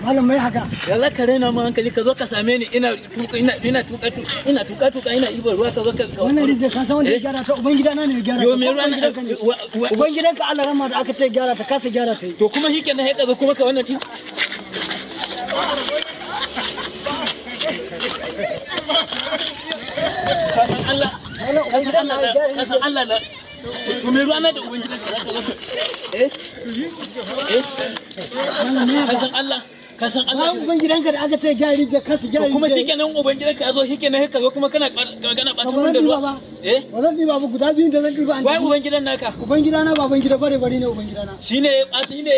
malam mai haka yalla ka raina mu hankali ka zo ka same ni ina tuka ina ina tuka ina tuka tuka ina ibar ruwa ka zo ka wannan ka san wanda ya eh? gyara ta ubangida na ne ya gyara yo me ruwa ubangidan ka Allah rahma da aka ce gyara ta sa gyara ta to kuma shike na zo kuma ka wannan din Allah Allah Allah Allah na ka san Allah uban gidanka da aka ce gari da kasu gari kuma shikenan uban gidanka ya zo shikenan ka zo kuma kana kana bata mun da ruwa eh wannan ni babu guda biyu da zan kirgo an wai uban gidan naka uban gidana baban gida bare bare ne uban gidana shine shine